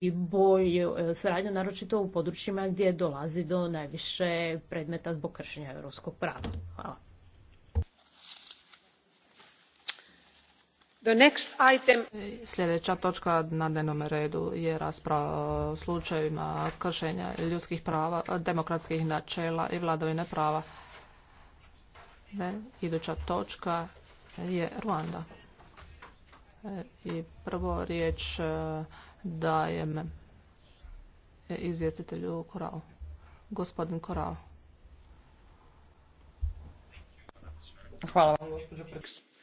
i boj e, saradnje, naročito u područjima gdje dolazi do najviše predmeta zbog kršenja europskog prava. Hvala. The item... E, sljedeća točka na dnevnom redu je rasprava o slučajevima kršenja ljudskih prava, demokratskih načela i vladavine prava. E, iduća točka je Ruanda. I prvo riječ e, dajem izvjestitelju Koral, Gospodin Koral. Hvala vam, gospođo Preks.